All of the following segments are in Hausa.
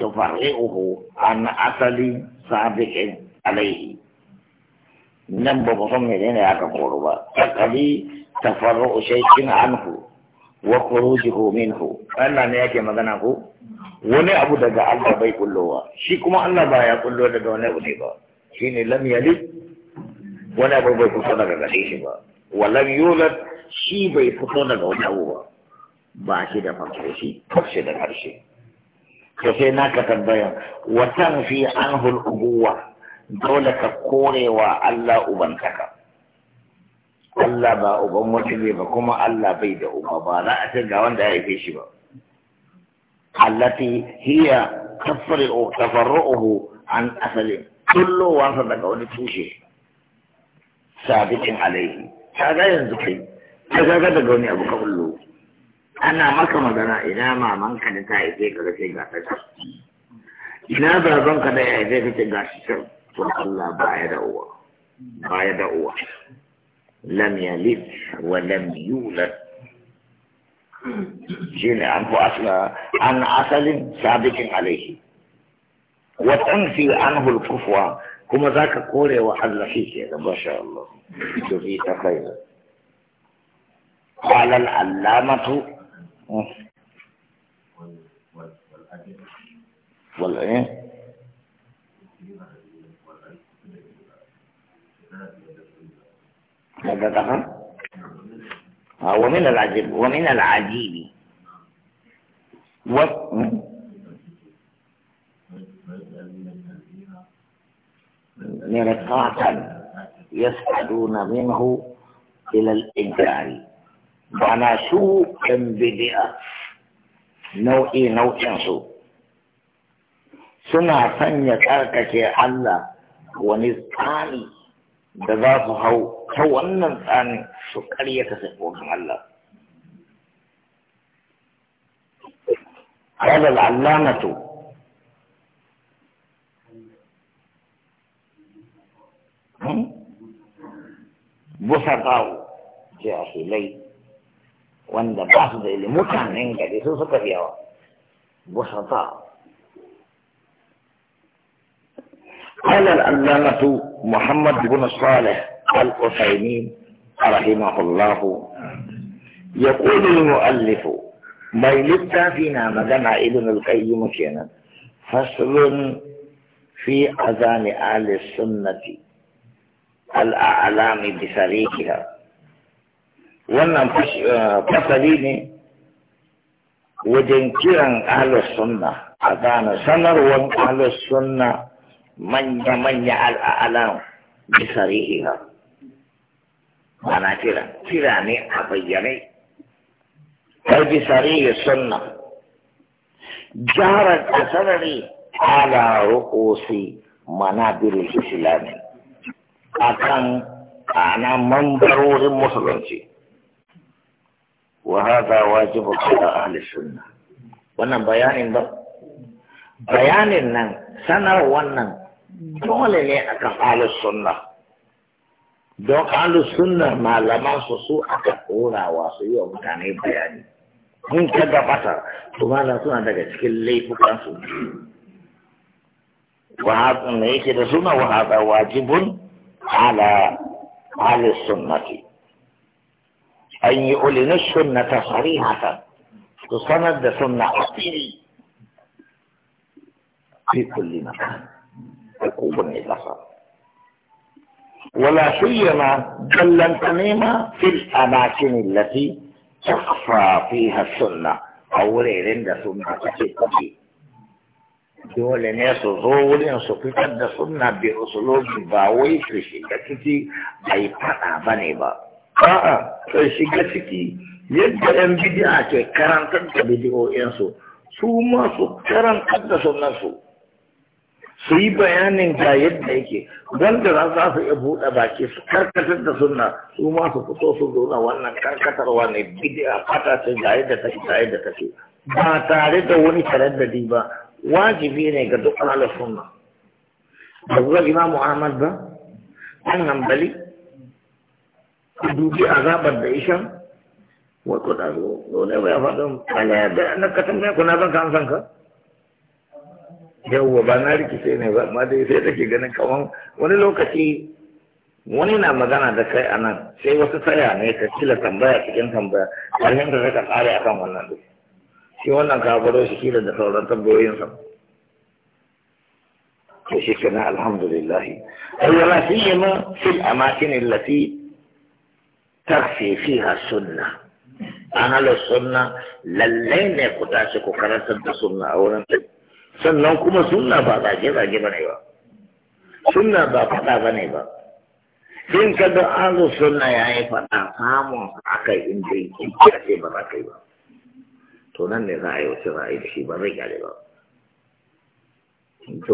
تفرعه عن أصل سابق عليه nan ba mutum ne ne ka koro ba takali tafarru shaykin anhu wa khurujuhu minhu Allah ne yake magana ko wani abu daga Allah bai kullowa shi kuma Allah baya kullo daga wani abu ne shi ne lam yalid wani abu bai fito daga gare shi ba wa lam yulad shi bai fito daga wani abu ba ba shi da farko shi ba shi da karshe kashe naka tambaya wa tanfi anhu al-ubuwa dole ka korewa Allah ubantaka Allah ba uban wata ne ba kuma Allah bai da uba ba za a ce ga wanda ya haife shi ba allati hiya tafri'u tafarru'uhu an asali kullowansa daga wani tushe sabitin alaihi kaga yanzu kai kaga daga wani abu ka kullu ana maka magana ina mamanka da ta haife ka da sai ga ta ina babanka da ya haife ka ga shi can to Allah ba ya da uwa ba ya da uwa lam yalid wa lam yulad shine an fi asla an asalin sabikin alaihi wa tanfi anhu al-kufwa kuma zaka kore wa Allah shi ke da masha Allah to fi ta khaira qala al-allamatu آه. والإيه آه، ومن العجيب ومن العجيب و... مرقاة يصعدون منه إلى الإنكار Bana su ɗan bidi'a nau'i nau'in su suna sanya tsarkake Allah wani tsani da za su hau ta wannan tsanin su karyata sifofin Allah. قال العلامة بسطاء جاهلين wanda ba su da ilimi mutanen gari su suka fi yawa busata قال العلامة محمد بن صالح القسيمين رحمه الله يقول المؤلف ما يلتا فينا مدنا ابن القيم كينا فصل في أذان أهل السنة الأعلام بصريحها wannan eh, fasali ne wajen kiran ahlus sunna a gane sanarwar ahlus sunna manya-manya al'alan bisa rihiha ana kira kira ne a bayyane kai bisa rihi sunna jarar a sanari ala rukusi manabirin islami akan ana mambarorin musulunci وهذا واجب على أهل السنة wannan bayanin ba bayanin nan sanar wannan dole ne akan ahlus sunna don ahlus sunna malaman su su aka korawa su yi wa mutane bayani mun ka gabata to na suna daga cikin laifukan su wa ne yake da suna wa hada wajibun ala ahlus sunnati أن يعلن السنة صريحة تصند سنة أصيلي في كل مكان تقوم النظام ولا سيما جل تميما في الأماكن التي تخفى فيها السنة أو عند سنة تحقيق دول الناس su zo wurin سنة بأسلوب باوي في bi usulobi ba wai su a'a sai shiga ciki yadda yan bidi'a ke karantar da bidiyoyinsu su ma su karantar da sunansu su yi bayanin ga yadda yake wanda za za su iya buɗe baki su karkatar da sunna su masu su fito su zauna wannan karkatarwa ne bidiya fata ce ga yadda take ga yadda take ba tare da wani taraddadi ba wajibi ne ga duk ahlus sunna ba imamu Ahmad ba an hambali ku dubi azabar da ishan wato da zo dole bai faɗin ala da na katan mai kuna zan san ka yawwa ba na rikice ne ba amma dai sai take ganin kaman wani lokaci wani na magana da kai a nan sai wasu tsaya ne ka kila tambaya cikin tambaya ƙarshen da ka tsare akan wannan duk shi wannan ka baro shi kila da sauran tambayoyinsa to shi kana alhamdulillah ayyala fi ma fil amakin allati tarfi fiha sunna ahalu sunna lallai ne ku tashi ku karantar da sunna a wurin sannan kuma sunna ba zage zage bane ba sunna ba faɗa bane ba in ka an ahalu sunna ya yi faɗa samun akai inda yake ce ba za ka yi ba to nan ne za a yi wata ra'ayi da shi ba zai gyare ba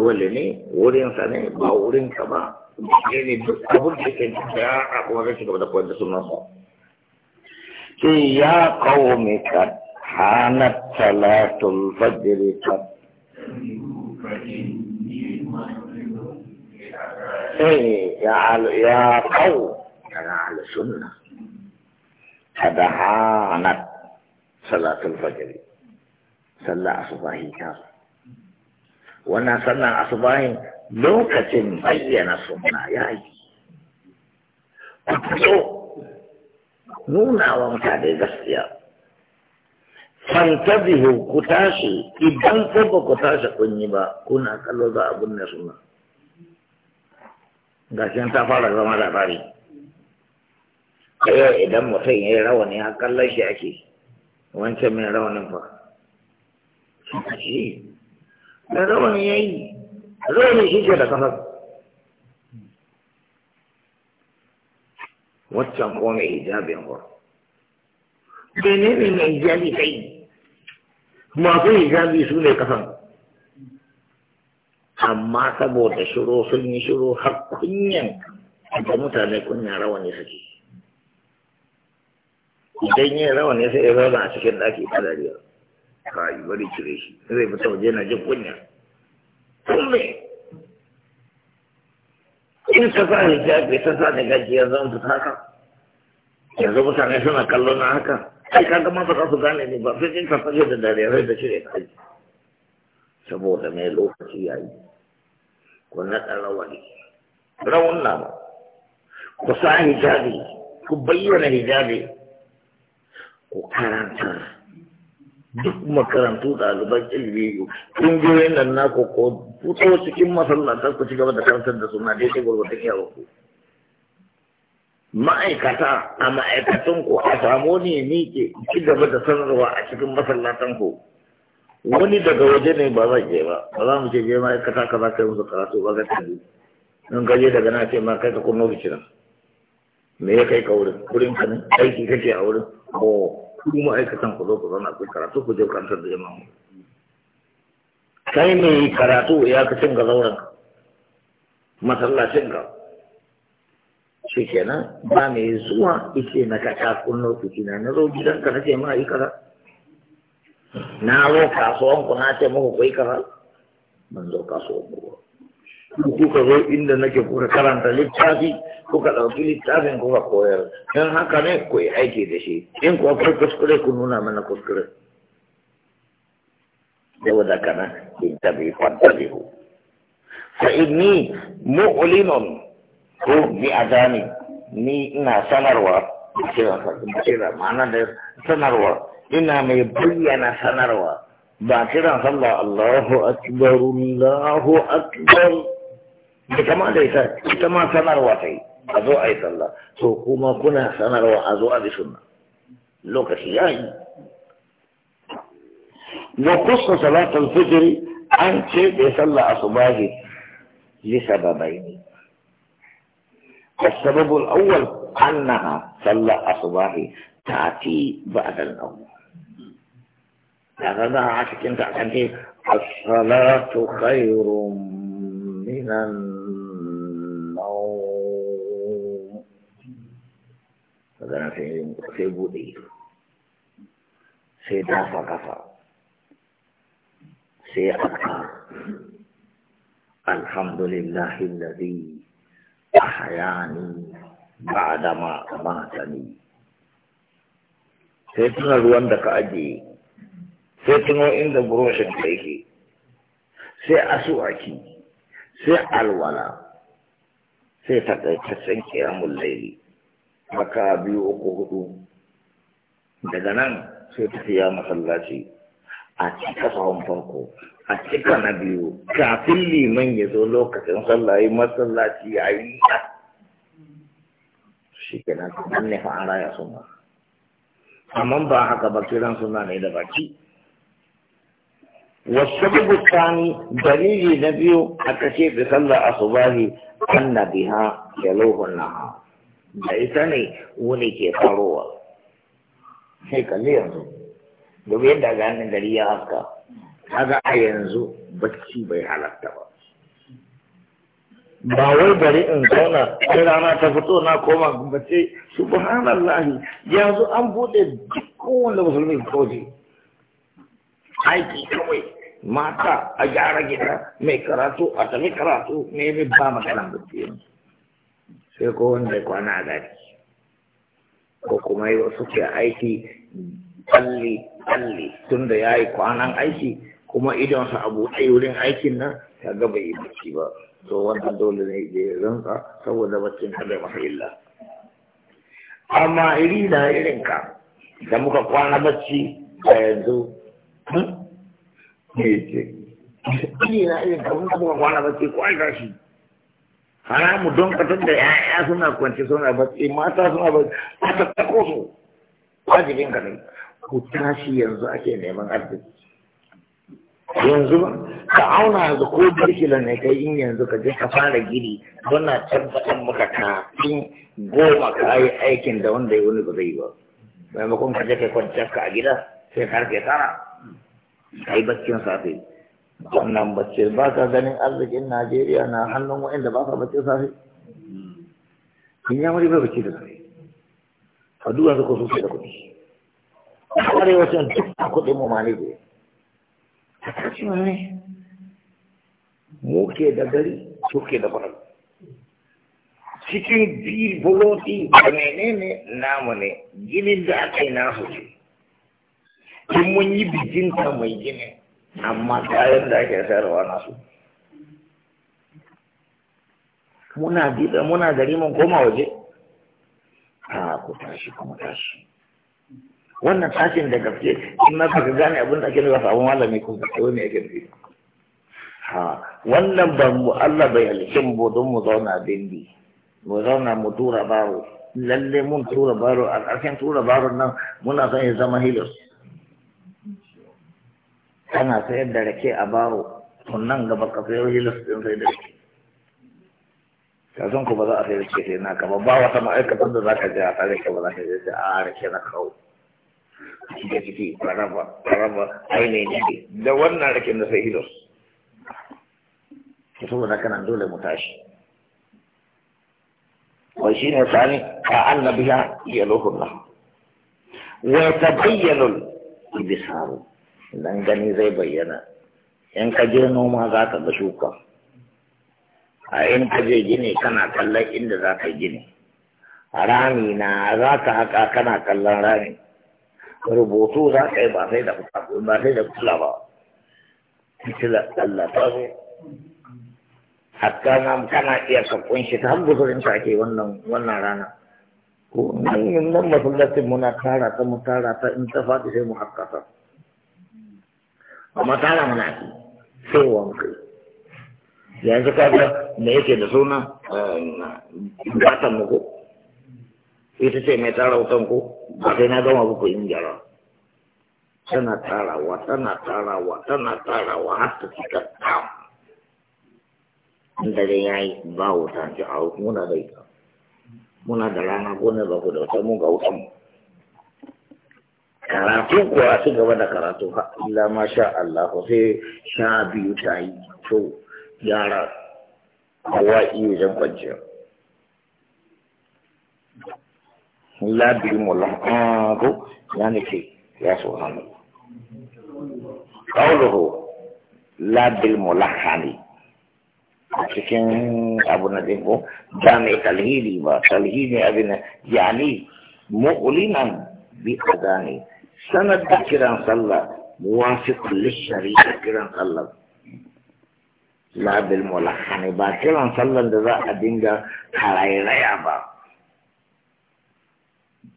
wale ne wurinsa ne ba wurinka ba يعني أبو الحسين يا قوم قد حانت صلاة الفجر قد إيه، يا يا قوم أنا على السنة قد حانت صلاة الفجر صلى أصباحي كافر وانا صلى أصباحي lokacin bayyana suna ya yi ku fito nuna wa mutane gaskiya fantazihu ku tashi idan kuma ba ku tashi kun ba kuna kallo za a binne suna gashin ta fara zama da fari yau eh, idan mutum ya yi rawani a kallon shi ake wancan mai rawanin fa shi ne rawanin ya yi zonin shi ke da kasar waccan ko mai hijabi ba bene ne mai hijabi sai masu hijabi su ne kasan amma saboda shiro sun yi shiro har kunyan da mutane kunya rawani suke idan yin rawani sai ya zauna a cikin ɗaki ta dariya ka yi bari cire shi zai fita waje na jin kunya kulle in ta sa hijabi ta sa da gajiyar zan fita haka yanzu mutane suna kallon na haka sai ka gama ba za su gane ni ba sai in ka fashe da dare rai da shirya kai saboda mai lokaci ya yi ku naɗa rawani rawan na ba ku sa hijabi ku bayyana hijabi ku karanta duk makarantu ɗaliban ilimi ƙungiyoyin nan na koko fito cikin masallata ku ci gaba da kansar da suna daidai gwargwadon yawon ku ma'aikata a ma'aikatan ku a samu ne ni ke ci gaba da sanarwa a cikin masallatan ku wani daga waje ne ba zai je ba ba za mu ce je ma'aikata ka za ka yi musu karatu ba ga tabi in ka je daga na ce ma kai ka kunno bicira me ya kai ka wurin wurin ka ne aiki kake a wurin ko oh. ku ma'aikatan ku zo ku zauna ku karatu ku je karantar da jama'a kai mai karatu ya ka cin ga zauren masallacin ka shi ba mai zuwa ice na ka ta kunno ku kina na zo ka na ce ma yi kaza na zo kasuwan ku na ce muku ku yi kaza ban zo kasuwan ku ba kuka zo inda nake kuka karanta littafi kuka ɗauki littafin kuka koyar don haka ne ku yi aiki da shi in kuwa kai kuskure ku nuna mana kuskure saboda kana in tabi fantalihu fa inni mu'linun ko bi adani ni ina sanarwa cewa kira ma'ana da sanarwa ina mai bayyana sanarwa ba kiran sallah Allahu akbar Allahu akbar da kama da ita ita ma sanarwa ta yi a zo a yi sallah to kuma kuna sanarwa a zo a bi sunna lokaci ya yi wa kusa salatul fitri an ce da sallah asubahi li sababaini السبب الأول أنها صلى الصباح تأتي بعد النوم هذا عشان تعتني الصلاة خير من النوم magana sai buɗe ido sai dafa kafa sai aka alhamdulillahi lalazi a hayani ba da matani sai tuna ruwan da ka ajiye sai tuno inda buroshin ka yake sai asuwaki sai alwala sai takaitaccen kiyamun laili raka biyu uku hudu daga nan sai tafiya masallaci a cika sahun farko a cika na biyu kafin liman ya zo lokacin sallaye masallaci a yi ta shi ke nan an ne fa'an raya suna amma ba haka ba kiran suna ne da baki Wasu dalili na biyu والسبب الثاني دليل نبيه أكشف صلى أصباه أن بها يلوه النهار da ita ne wuni ke farowa sai kalli yanzu domin yadda ganin gari ya haska a yanzu bacci bai halatta ba ba wai bari in zauna ta rana ta fito na koma bace subhanallahi yanzu an bude kowanne musulmi koji aiki kawai mata a gyara gida mai karatu a tafi karatu ne mai ba maganan bacci yanzu sai ko wanda ya kwana a gari ko kuma yi ke aiki tsalli tsalli tun da ya yi kwanan aiki kuma idonsa a buɗe wurin aikin nan ta gaba yi bacci ba to wannan dole ne ya rantsa saboda baccin kada masa illa amma iri na ka, da muka kwana bacci a yanzu ne hmm? ce iri na ka muka kwana bacci ko shi haramu don katar da ya'ya suna kwanci suna batsi mata suna batsi a tattako su wajibin ka ne ku tashi yanzu ake neman arziki yanzu ba ka auna yanzu ko birkila ne kai in yanzu ka je ka fara gini don na tabbatar maka kafin goma ka yi aikin da wanda ya wani ba zai yi ba maimakon ka je kai kwanciyar ka a gida sai ka karfe tara ka yi baccin safe wannan bacci ba ka ganin arzikin Najeriya na hannun wa'inda ba ka bacci safe Kun ya mari bai bacci da safe a duwan su ko su da kuɗi arewacin duk a kuɗin mu mali ne a kashi ne muke da gari suke da kwarar cikin biyu buloti da menene namu ne ginin da aka yi nasu ce in mun yi bikinta mai ginin amma kayan da ake sayarwa nasu muna gida muna gari mun koma waje a ku tashi kuma tashi wannan tashin da gaske in na ka gane abin da ake nufa samu malami kun ka tsawo ne ake nufi ha wannan ban mu Allah bai halice mu don mu zauna dindi mu zauna mu tura baro lalle mun tura baro a ƙarshen tura baro nan muna son ya zama hilos kana sayar da rake a baro nan gaba ka sayo hilis din sai da rake kazan ku ba za a sayar da rake sai naka ba ba wata ma'aikatar da za ka je a sa rake ba za ka je sai a rake na kawo da ciki rarraba rarraba ainihin ne da wannan rake na sai hilis to saboda kana dole mu tashi wai shine tsani ka annabiya ya lohunna wa tabayyana ibisaru idan gani zai bayyana in ka je noma za ka ga shuka a in ka je gini kana kallon inda za ka gini rami na za ka haka kana kallon rami rubutu za ka yi ba sai da ba sai da kula ba fitila Allah ta zo hatta na kana iya sakon shi ta hanguzurin ta ke wannan wannan rana ko nan nan masallacin muna tara ta mu tara ta in ta faɗi sai mu hakkata amma tara mana ake sai wankai yanzu kaga me yake da suna eh, batan muku, ita ce mai tsara wutan ko ba sai na gama ku in gyara tana tsarawa, tana tsarawa, tana tsarawa, har ta cika tam inda dai yayi ba wutan ji a muna da ita muna da rana ko ba ku da wutan mu ga wutan mu karatu kuwa a gaba da karatu ha illa ma sha Allah sai sha biyu ta yi to yara kowa iya wajen kwanciya labi mulan ko ya nake ya so hannu kauluhu labil mulahani a cikin abu na dinko jami'a talhili ba talhili abin yani mu'ulinan بأذاني سنة كيران صلى موافق للشريعة كيران صلى لا بالملحن يعني با كيران صلى لذا أدنجا حرائي ريا با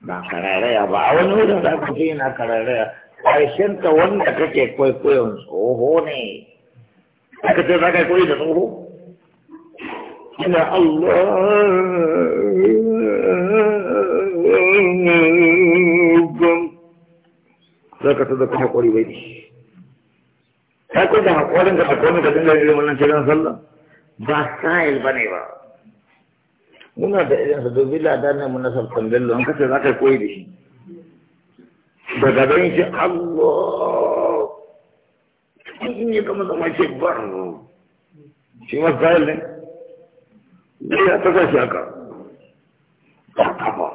با حرائي ريا با أولا نوزا دا كفينا حرائي ريا فايشن تا ون دا كتے کوئی کوئی انس او ہو نی اکتے دا کتے کوئی دن او ہو انا الله za ka ta zaka haƙuri bai dishi ta kai da haƙorin ka da komai ka dinga wannan sallah ba sa'il ba ne ba muna da irin sa domin ladan ne muna sabtan bello an kace za ka koyi daga shi Allah kama ce bar shi ma sa'il ne ya ta kashi ba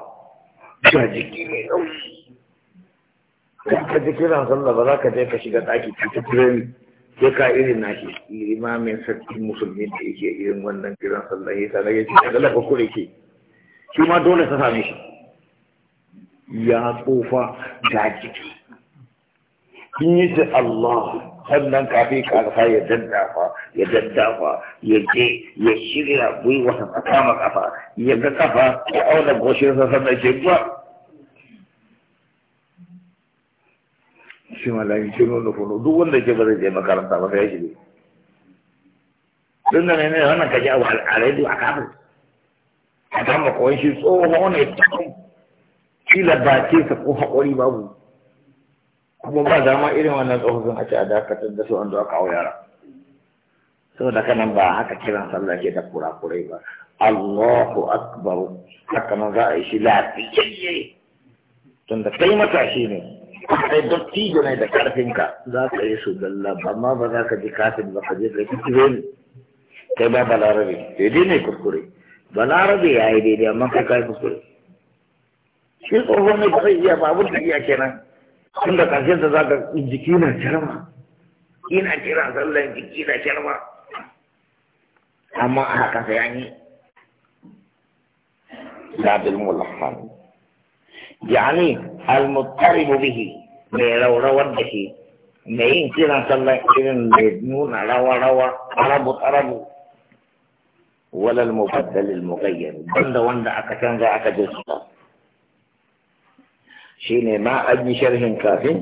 ga jiki mai ɗauki ka ji kiran sallah ba za ka je ka shiga ɗaki ta tirani ya ka irin na shi imamin sarki musulmi da yake irin wannan kiran sallah ya sanar ya ce da lafa kure ke shi ma dole sa same shi ya tsofa da jiki in yi ta Allah sannan kafi karfa ya daddafa ya daddafa ya je ya shirya gwiwa ta kama kafa ya ga kafa ya auna goshin sa sannan ke ba shi malami shi nuna funo duk wanda ke ba zai je makaranta ba sai ya shige duk da ne wannan kaji abu al'adu a kafin a kan makon shi tsohon ne tukun kila ba ke sa ko haƙuri babu kuma ba dama irin wannan tsohon a ce a dakatar da su an zuwa kawo yara saboda kanan ba haka kiran sallah ke da kurakurai ba Allahu akbar haka nan za a yi shi lafiyayye tunda kai matashi ne kai dattijo ne da karfinka za ka yi su galla amma ba za ka ji kafin ba ka je ka kikire ne kai ba balarabe daidai ne kuskure balarabe ya yi daidai amma kai kai kuskure shi tsoho ne ba zai iya ba abin da iya kenan tun da ƙarshen da za ka jiki na sharma ina kira sallan jiki na sharma amma a haka sai an yi labil mulhan yani المضطرب به ميلو روده مين كلا صلى إذن لدنون روى روى عرب عرب ولا المبدل المغير بند وند أتكن ذا أتجلس شين ما أجي شره كافي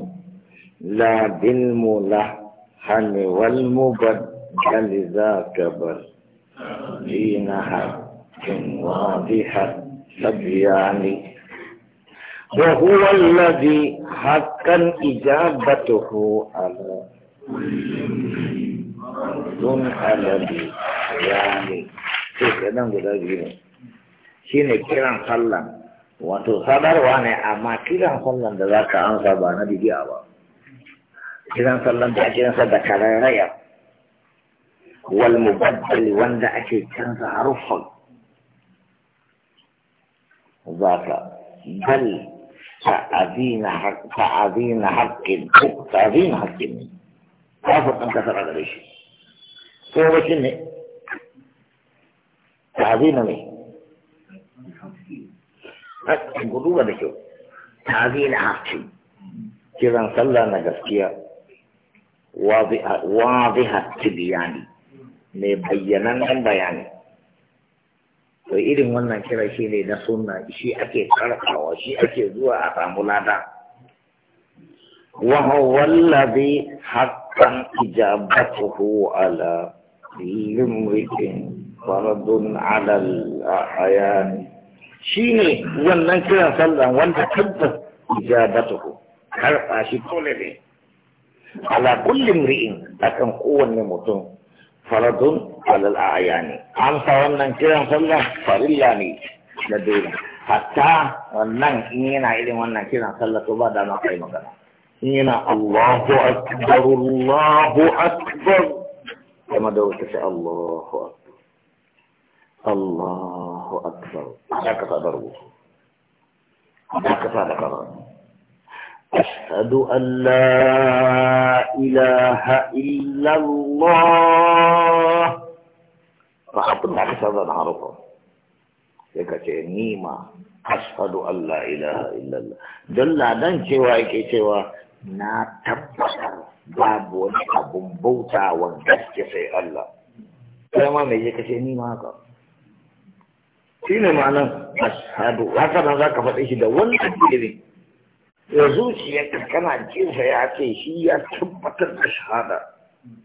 لا بالملا حن والمبدل ذا كبر دينها واضحة سبياني وهو الذي حقا إجابته على دون على يعني شوف كلام كده جيبه شين كلام وانتو صدر وانا اما كلام صلى ده كلام صبانا دي جابا كلام خلنا ده كلام صدر كلام رايا والمبدل وانده اكي كان ذا عرفا ذاك بل تعذين حق تعذين حق تعذين حق كافر أن كفر على ليش هو بشنة تعذين حق قلوبة بشو تعذين حق كذا صلى نجسكيا واضحة واضحة تبياني مبينا بياني to irin wannan kira shi ne na sunna shi ake karfawa shi ake zuwa a samu lada wa huwa allazi haqqan ijabatuhu ala limrikin faradun ala al-ahyan shine wannan kira sallan wanda tabbas ijabatuhu karfa shi dole ne ala kulli mri'in akan kowanne mutum faradun alal ayani an sa wannan kiran sallah farilla ne na dole hatta wannan in yana irin wannan kiran sallah to ba da ma kai magana in yana Allahu akbar Allahu akbar kuma da wata sai Allahu akbar Allahu akbar ana ka sadar ku ana ka sadar أشهد أن لا إله فحطم أكثر العرفة يكتي نيمة ni ma ashadu Allah ilaha illallah Don ladan cewa yake cewa na tabbatar babu wani abun bauta wa gaske sai Allah sai ma mai yake ce ni ma haka ne ma'anar ashadu, haka nan ka faɗi shi da wannan irin ya zuciya kana jinsa ya ce shi ya tabbatar da shahada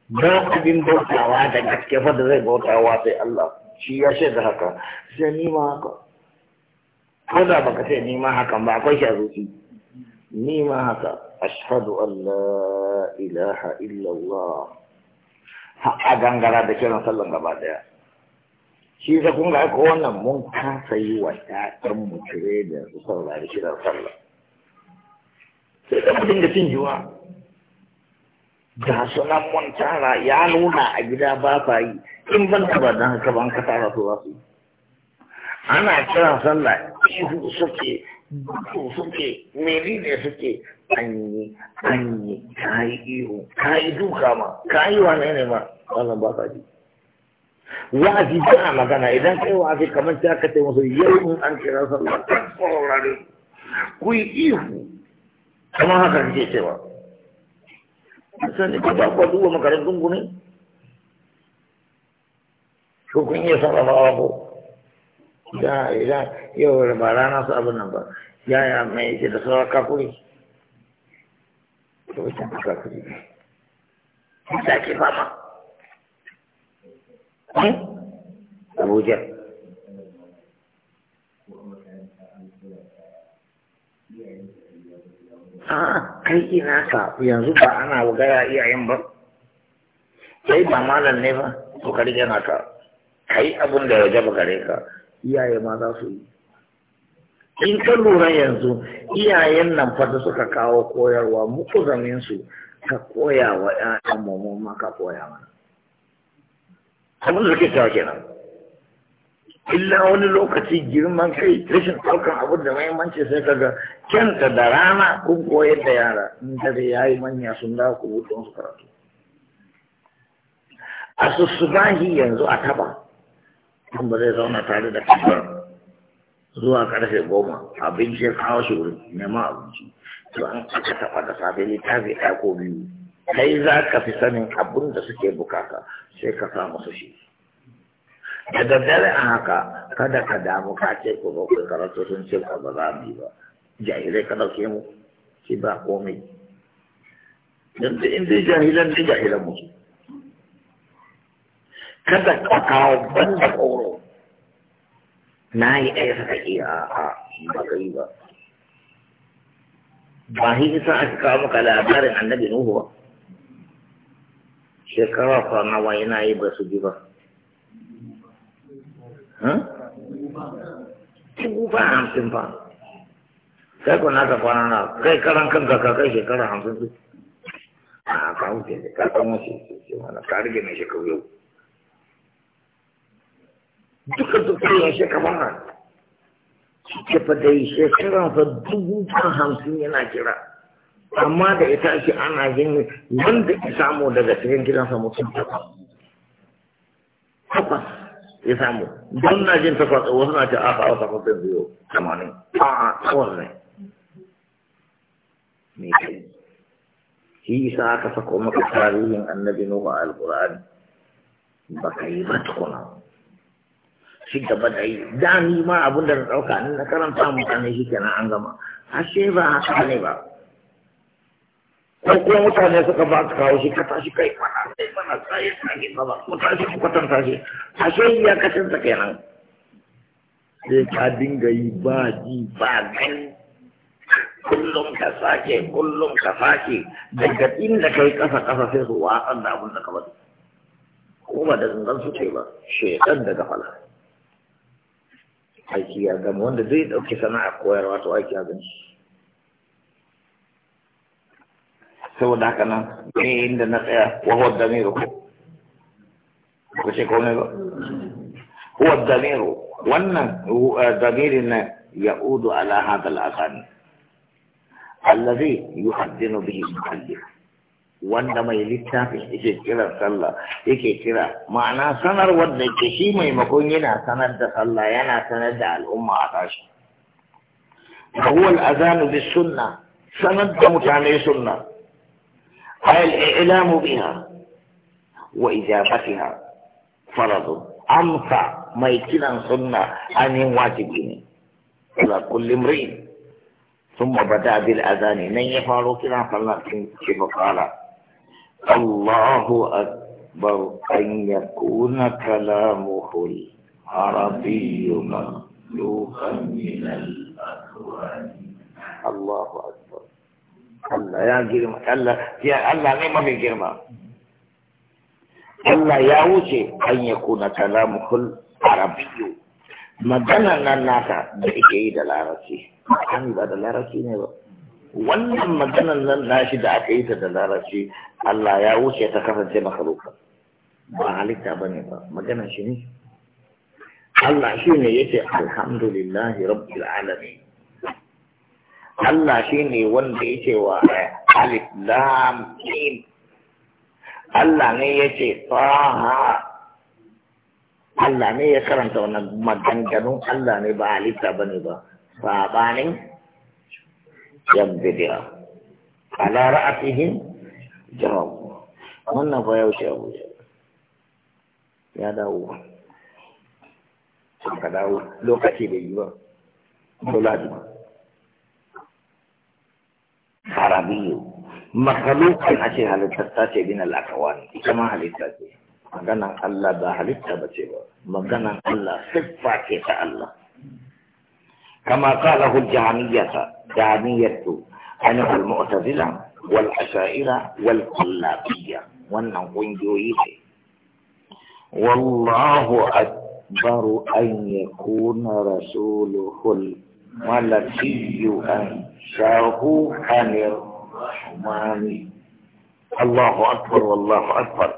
ba abin bautawa da gaske fa da zai bautawa sai Allah shi ya shaida haka sai ni ma haka ko da baka sai ni ma hakan ba akwai shi a zuci ni ma haka ashhadu an la ilaha illa Allah a gangara da kiran sallan gaba daya shi sa kun ga ko wannan mun kasa yi wa ɗan mu cire da su saurari kiran sallah sai da mutum da cin ga sunan mun tara ya nuna a gida ba sa yi in ban da ba don haka ban ka tara su za su yi ana kira sallah ihu suke gudu suke meri ne suke an yi an ka yi ihu ka yi duka ma ka yi wane ne ma wannan ba sa ji wa'azi ba a magana idan kai wa'azi kamar ta ka musu yau in an kira sallah kan saurare ku yi ihu kamar haka kake cewa Sani da ba ku duba makarantun ni? ne ko kun iya sarrafawa ko idan yau ba rana su abin nan ba yaya mai yake da sauran kakuri to wajen kakuri ne da ke fama hmm? abuja a kai ina ka yanzu ba ana gaya iyayen ba kai ba malam ne ba to ka rike na ka kai abin da ya ba gare ka iyaye ma za su yi in ka lura yanzu iyayen nan fata suka kawo koyarwa muku zamin su ka koya wa 'ya'yan mu ma ka koya mana abin da suke cewa kenan illa wani lokaci girman kai rashin ɗaukar abu da mahimmanci sai ka ga kyanta da rana kun koyar da yara in dare ya yi manya sun da ku wuce su karatu a sussubahi yanzu a taba kan ba zai zauna tare da kabar zuwa karfe goma abinci ya kawo shi wuri neman abinci to an aka taba da safe littafi ɗaya ko biyu kai za ka fi sanin abin da suke bukata sai ka sa musu shi daga dare a haka kada ka damu ka ce ku zo ku karatu sun ce ba ba za mu yi ba jahilai ka dauke mu shi ba komai don da in dai jahilan ne jahilan mu kada ka kawo da tsoro na yi ɗaya saka iya a ba ka yi ba ba shi isa aka kawo maka labarin annabi nuhu ba shekara fa nawa yana yi ba su ji ba dubu ba hamsin fa sai ko naka kwana na kai karan kanka ka kai shekara hamsin su a ka wuce da ka kama shi shi mana ka rage mai shekaru yau duka duka ya shekara ke fa dai shekara fa dubu ba hamsin yana kira amma da ita ake ana jin wanda ya samu daga cikin gidansa mutum takwas takwas ya samu don na jin takwas wasu na ce a kawo takwas zai biyo tamanin a a takwas ne mai kai shi isa aka sako maka tarihin annabi nuhu a alkur'ani ba ka yi ba tukuna shi gaba da yi da ni ma abin da na ɗauka ni na karanta mutane shi kenan an gama ashe ba haka ne ba sai kuma mutane suka ba ka kawo shi ka tashi kai mana sai mana sai ka ki ba ku tashi ku kwatanta shi ashe ya ta kenan sai ka dinga yi ba ji ba gani kullum ka sake kullum ka sake daga inda kai kasa kasa sai su watsar da abin da ka bari ko ba da zungan su ce ba shekan daga fala aiki ya gama wanda zai dauki sana'a koyarwa to aiki ya gani saboda haka nan ne inda na tsaya wa huwa damiru ku ce komai ba huwa damiru wannan damirin nan ya'udu ala hada al'asani allazi yuhaddinu bihi al-mukallif wanda mai littafin yake kira sallah yake kira ma'ana sanar wanda ke shi maimakon yana sanar da sallah yana sanar da al'umma a tashi fa huwa al-azanu bis sunnah sanar da mutane sunna الإعلام بها وإجابتها فرض أنفع ما يكن سنة أن واجبين على كل امرئ ثم بدأ بالأذان من يفعل كلا صلى كما قال الله أكبر أن يكون كلامه العربي مخلوقا من الأكوان الله أكبر Allah ya girma Allah ya Allah ne mafi girma Allah ya wuce an ya kuna kalamuhul arabiyyu magana nan naka da yake yi da larabci an ba da larabci ne ba wannan maganan nan nashi da aka yi ta da larabci Allah ya wuce ta kasance makaruka ba halitta ba ne ba maganan shi ne Allah shi ne yake alhamdulillahi rabbil alamin Allah shi ne wanda ya ce wa alif lam mim Allah ne ya ce faha Allah ne ya karanta wannan maganganun Allah ne ba halitta ba ne ba sabanin yan bidiya ala ra'atihim jawabu wannan fa yau ce abu ya dawo ka dawo lokaci bai yi ba dole العربي مخلوقا اشي هل تتاتي بين الاكوان كما هل تتاتي مغانا الله دا هل تتاتي مغانا الله صفاك يا الله كما قاله الجهمية جهمية أنا المؤتزلة والعشائرة والقلابية وانهم ونجوهيه والله أكبر أن يكون رسوله malakiyyuhan shahu hanir mani Allahu akbar wallahu akbar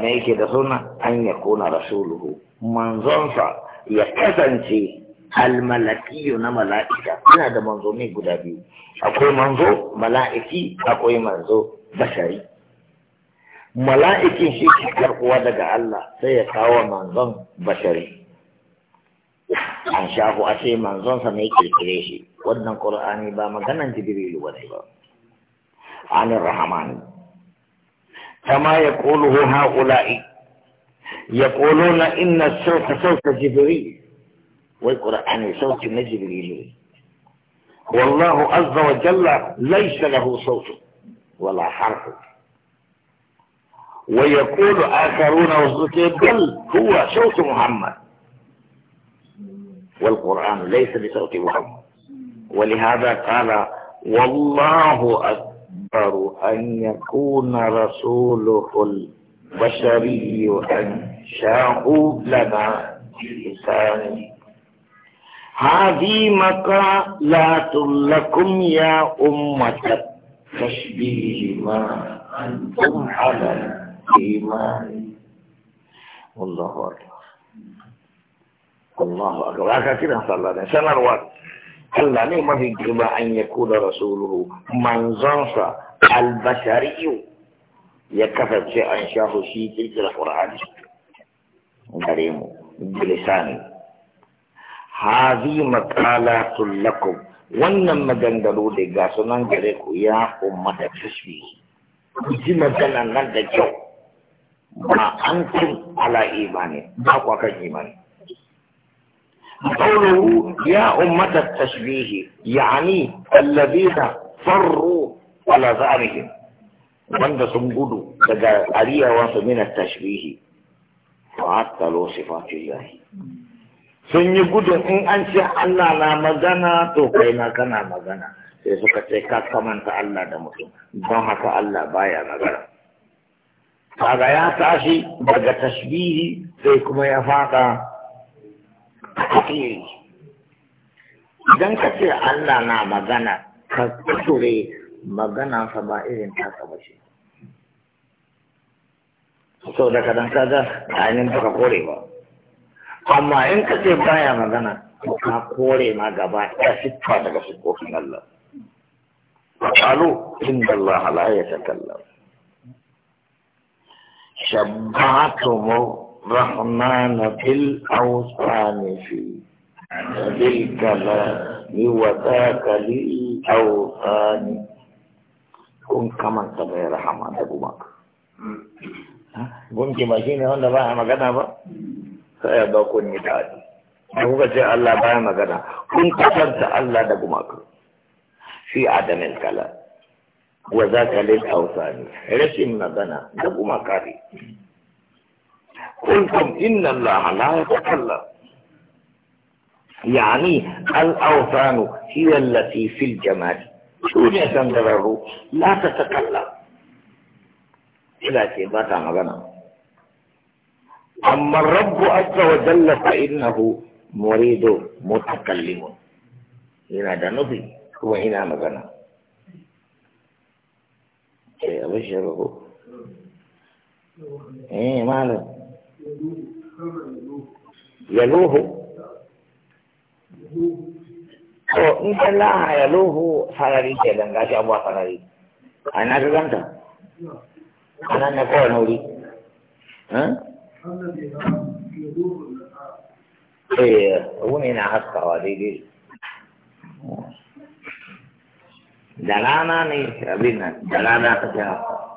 me yake da suna an ya kuna rasuluhu manzonsa ya kasance almalakiyu na mala'ika yana da manzo ne guda biyu akwai manzo mala'iki akwai manzo bashari mala'ikin shi ke karkuwa daga Allah sai ya kawo manzon bashari shafu a ce manzon sa mai kirkire shi wannan qur'ani ba maganan jibrilu ba ne ba anin rahaman kama ya ha ula'i ya ƙolo na inna sauka sauka jibril wai qur'ani sauki na jibrilu wallahu azza wa jalla laisa lahu sautu wala harfu ويقول آخرون وصلت بل هو صوت محمد والقرآن ليس بصوت محمد ولهذا قال والله أكبر أن يكون رسوله البشري أن شاءوا لنا بلسان هذه مقالات لكم يا أمة تشبيه ما أنتم على الإيمان والله أكبر Allahu akbar haka kiran sallah ne Allah ne mafi girma an ya kula rasuluhu manzonsa albashariyu ya kasance an shahu shi kirkira qur'ani gare mu bilisani hazi maqalatul lakum wannan maganganu da ga sunan gare ku ya ummata tashbihi ku ji maganan nan da kyau ba an tun ala imani ba kwa kan imani قوله يا أمة التشبيه يعني الذين فروا على ذلكهم من دسم قدو لدى علي واسو من التشبيه فعطى له صفات الله سن يقدو إن أنسى الله لا مغانا توقينا كنا مغانا يسو كتكا كمان تألا دمتو بما تألا بايا مغانا فعلا يا تاشي بغا تشبيه سيكما يفاقا alheri idan ka ce Allah na magana ka kuture magana sa ba irin ta ba ce sau da ka kadan kaga ainihin baka kore ba amma in ka ce baya magana ka kore ma gaba ta siffa daga sukofin Allah قالوا إن الله لا يتكلم شبهتهم رحمان في الأوصان في بالكلام وذاك للأوصان كن كما تبع رحمان أبو بكر بمكي مجين هون دبا ما كنا با سيا بكون نتاج أبو بكر الله با ما كنا كن الله أبو بكر في عدم الكلام وذاك للأوصان رسمنا بنا أبو بكر قلتم إن الله لا يتكلم يعني الأوثان هي التي في الجمال شون يتندرر لا تتكلم إلى كيف مغنى أما الرب عز وجل فإنه مريد متكلم هنا ده نفي وهنا مغنى شيء إيه، أبشره إيه ماله yaluhu to in ka laha yaluhu sarari ke dan gashi abuwa sarari a na ka ganta a nan na wuri eh? eh wuni na haskawa daidai da rana ne abin nan da rana ta haskawa